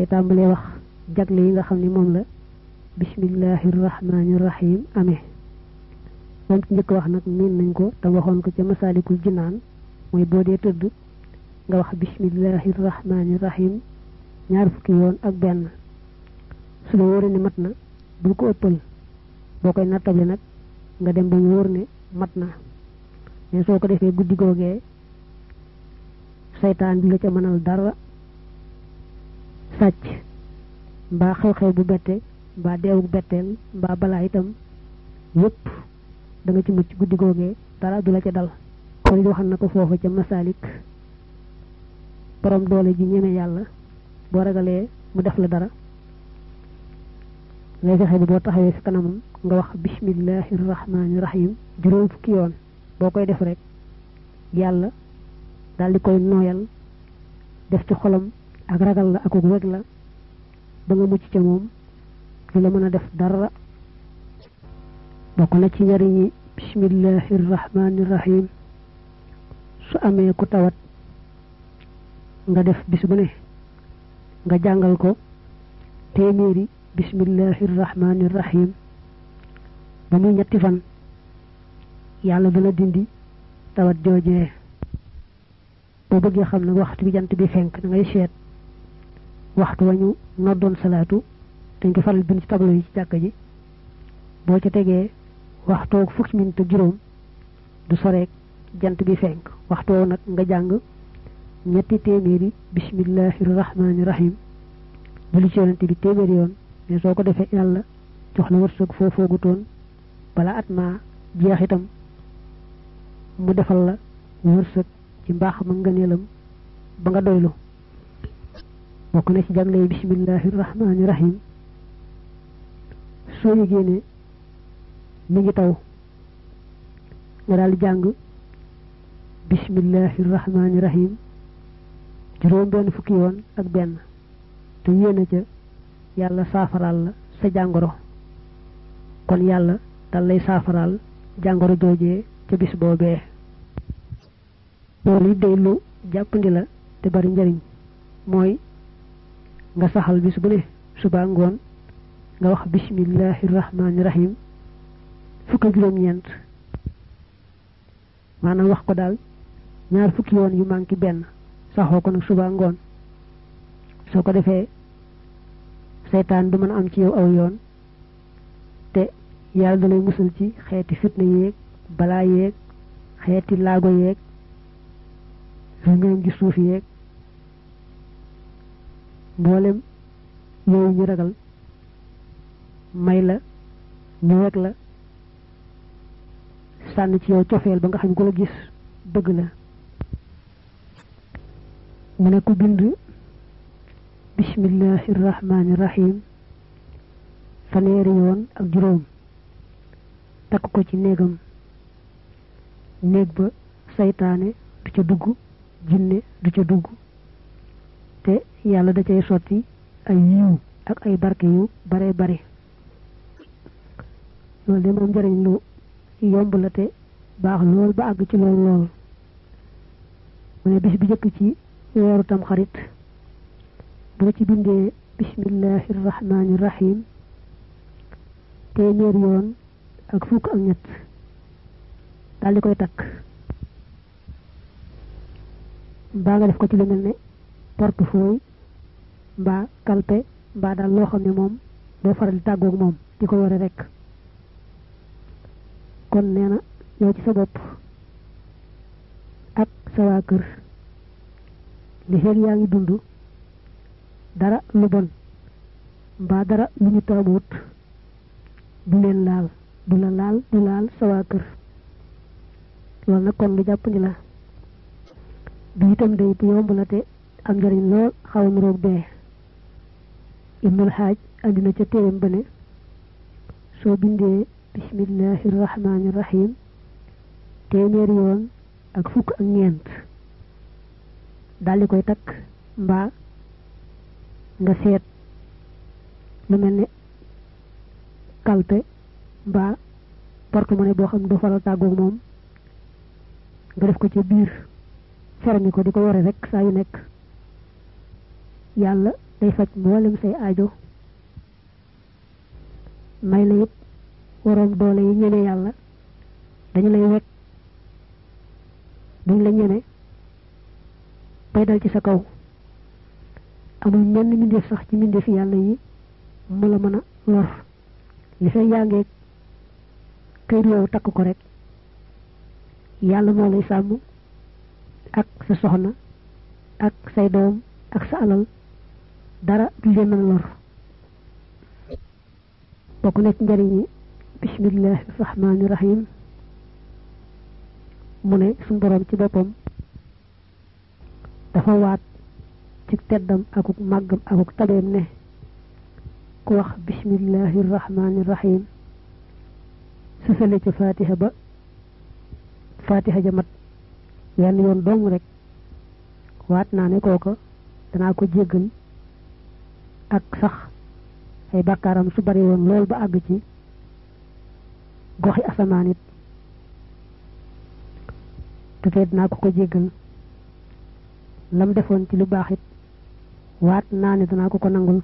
day tàmbalee wax jagle yi nga xam ni moom la bismillahi rahmaani rahim amee moom ci njëkk wax nag miin nañ ko te waxoon ko ca masaalikul jinaan mooy boo dee tëdd nga wax bismillahi rahmaani rahim ñaar fukki yoon ak benn su la wóoree ne mat na bul ko ëppal boo koy nattable nag nga dem ba wóor ne mat na mais soo ko defee guddi googee seytaan bi la ca mënal dara sàcc mbaa xew-xew bu bette mbaa deewu betteel mbaa balaa itam yépp da nga ci mucc guddi googee dara du la ca dal kon waxal na ko foofu ca masaalik boroom doole ji ñeme yàlla boo ragalee mu def la dara ngay fexe bi boo taxawee si kanamam nga wax bismillahi rahmaani rahim juróom fukki yoon boo koy def rek yàlla daal di koy nooyal def ci xolam ak ragal la ak wëg la ba nga mucc ca moom du la mën def dara bokk na ci njariñ yi bismillahi rahim su amee ku tawat nga def bis bu ne nga jàngal ko téeméeri bismillahi rahmani rahim ba muy ñetti fan yàlla dana dindi tawat joojee boo bëggee xam ne waxtu bi jant bi fenk da ngay seet waxtu wa ñu noddoon salaatu dañ ko faral bind ci tableau yi ci jàkka ji boo ca tegee waxtoog fukki minit juróom du soreek jant bi fenk waxtoo nag nga jàng ñetti téeméeri bismillahi rahmaani rahim julli ci yonente bi téeméeri yoon mais soo ko defee yàlla jox la wërsëg gu toon bala at maa jeex itam mu defal la wërsëg ci mbaax ma ngëneelam ba nga doylu bokk na ci jaglay bismillahi rahmani rahim soo yëgee ne mi ngi taw nga daal di jàng bismillahi rahmani rahim juróom benn fukki yoon ak benn te yéene ca yàlla saafaral la sa jàngoro kon yàlla dal lay saafaral jàngoro joojee ca bis boobee loolu day lu jàppandi la te bari njariñ mooy nga saxal bi su ne suba ngoon nga wax bismillahi rahmaani rahim fukk ak juróom-ñeent maanaam wax ko daal ñaar fukki yoon yu manqué benn saxoo ko nag suba ngoon soo ko defee seytaan du mën a am ci yow aw yoon te yàlla da lay musal ci xeeti fitna yeeg balaa yéeg xeeti laago yeeg lu ngeen ji suuf yéeg mboolem yooyu ñu ragal may la ñu weg la sànn ci yow cofeel ba nga xam ko la gis bëgg la mu ne ku bind bismillahi faneeri yoon ak juróom takk ko ci néegam néeg ba saytaane du ca dugg jinne du ca dugg yàlla da cay sotti ay yiw ak ay barke yu bare bare loolu de moom njëriñ lu yomb la te baax lool ba àgg ci lool lool mu ne bis bi njëkk ci weeru tam xarit boo ci bindee bismillahi rahmaani rahim téeméer yoon ak fukk ak ñett daal di koy takk baa nga def ko ci lu mel ne portefeuille mbaa kalpe mbaa daal loo xam ne moom doo faral di tàggoog moom di ko yore rek kon nee na yow ci sa bopp ak sa waa kër li xeeg yaa ngi dund dara lu bon mbaa dara lu ñu taamuwut du leen laal du la laal du laal sa waa kër loolu nag kon lu jàppandi la du itam day bu yomb la te am njëriñ lool xawam roog bee ibnul xaaj na ca téeram ba ne soo bindee bismillahi rahmaani rahim téeméeri yoon ak fukk ak ñeent daldi koy takk mbaa nga seet lu mel ni kalpe mbaa porte-monnaie boo xam ne doo faral tàggoog moom nga def ko ca biir fermi ko di ko yore rek saa yu nekk yàlla day faj mboolem say aajo may la yit worom doole yi ñëne yàlla dañ lay wet buñ la ñëne bay dal ci sa kaw amul mi mbindeef sax ci mbindeef yàlla yi mu la mën a lor li fay yàngeeg kayit yow takk ko rek yàlla moo lay sàmm ak sa soxna ak say doom ak sa alal dara du leen mën lor bokku nek ci njariñi bismillahi rahmaani rahim mu ne suñ borom ci bopam dafa waat ci teddam akuk màggam akuk tabeem ne ku wax bismillahir rahmanir rahim su fele ci fatiha ba fatiha ja mat yenn yoon dong rek waat naa ne koko dana ko jéggal ak sax ay bakaram su bari won lol ba ag ci goxi asamanit it na ko ko jegal lam defon ci lu baxit wat waat dana ko ko nangul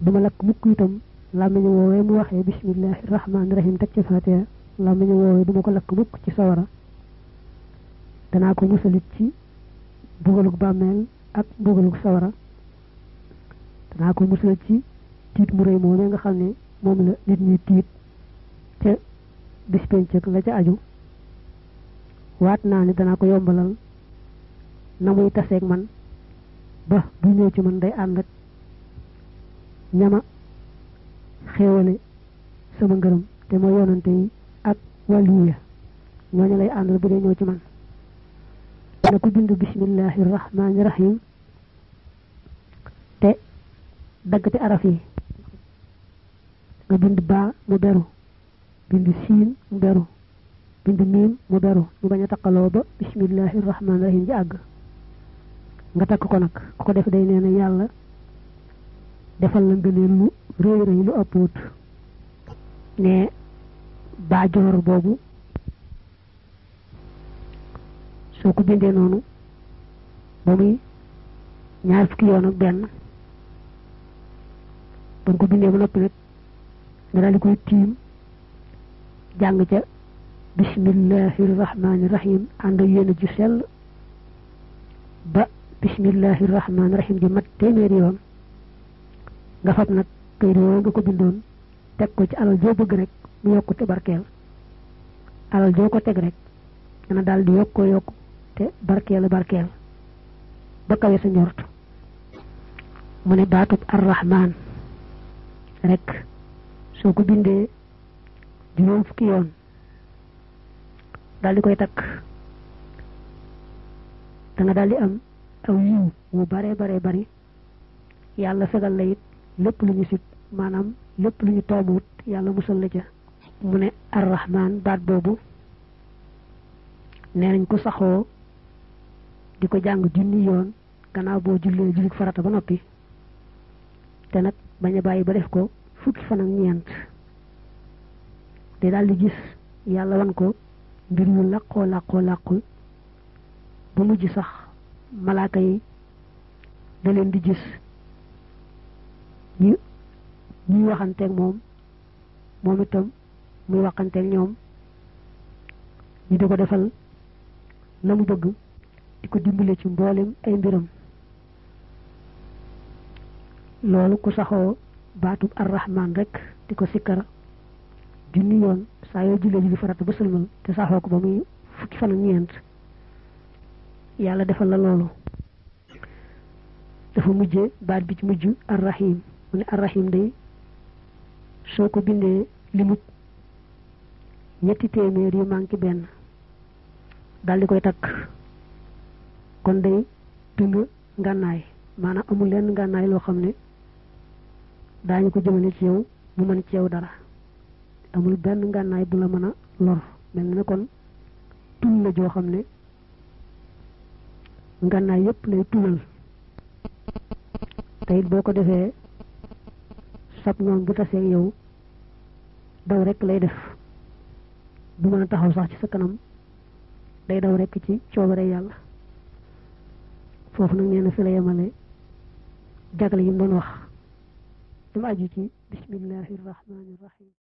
duma lak mukk itam wowe mu waxe bismillahir rahmanir rahim tak ci lam làmmiñu wowe duma ko tanaku mukk ci sawara dana ko musalit ci bugaluk bamel ak bugaluk sawara dana ko musal ci tiit mu rëy moomee nga xam ne moom la nit ñi tiit te bis pencëk la ca aju waat naa ne dana ko yombalal na muy taseeg man ba bu ñëw ci man day ànd ak ñama xéewale sama ngërëm te ma yonante yi ak waliya ñu lay àndal bu dee ñëw ci man na ko bind bismillahi rahim te daggati araf yi nga bind baa mu beru bind siin mu beru bind miim mu beru mu bañ a taqaloo ba bismillahi rahmaani rahim ji àgg nga takk ko nag ku ko def day nee na yàlla defal la ngëneel lu réy réy lu ëppoot ne baa joor boobu soo ko bindee noonu ba muy ñaar fukki yoon ak benn buñ ko bindee ba noppi nag nga daal koy tim jang ca bismillahir rahmanir rahim ando yene ju sel ba bismillahir rahmanir rahim di mat téeméeri yoon nga fat nak kay do nga ko bindon tek ko ci alal jo bëgg rek mu yokku te barkel alal jo ko tek rek dana dal di yokko yokku te barkel barkel ba kawé sa ñortu mune batut ar rahman rek suku ko bindee juróom fukki yoon dal di koy takk da nga dal di am aw yu wu bare bare bare yalla fegal la it lépp lu ñu sib maanaam lépp lu ñu musal la ca mu ne arrahman baat bobu nee nañ ko saxo di jang jàng junni yoon gannaaw boo julik farata ba noppi te nag bañ a bàyyi ba def ko fukki fan ak ñeent te daal gis yàlla wan ko mbir yu làqoo làqoo làqu ba mujj sax malaaka yi da leen di gis ñu ñuy waxanteeg moom moom itam muy waxanteeg ñoom ñu di ko defal la mu bëgg di ko dimbale ci mboolem ay mbiram loolu ku saxoo baatub arrahman rek di ko sikkar junni yoon saa yoo jullee julli farata ba te saxoo ko ba muy fukki fan ak ñeent yàlla defal la loolu dafa mujje baat bi ci mujj arrahim mu ne arrahim day soo ko bindee li mut ñetti téeméer yu manqué benn daal di koy takk kon day dund ngànnaay maanaam amul lenn ngànnaay loo xam ne daañu ko jëmale ci yow mu mën ci yow dara amul benn ngànnaay bu la mën a lor mel na kon tul la joo xam ne ngànnaay yëpp lay tulal te boo ko defee sab noon bu tasee yow daw rekk lay def bu mën a taxaw sax ci sa kanam day daw rek ci coobare yàlla foofu nag nee na fi la yemale jagle yi mu wax ثم أجيتي بسم الله الرحمن الرحيم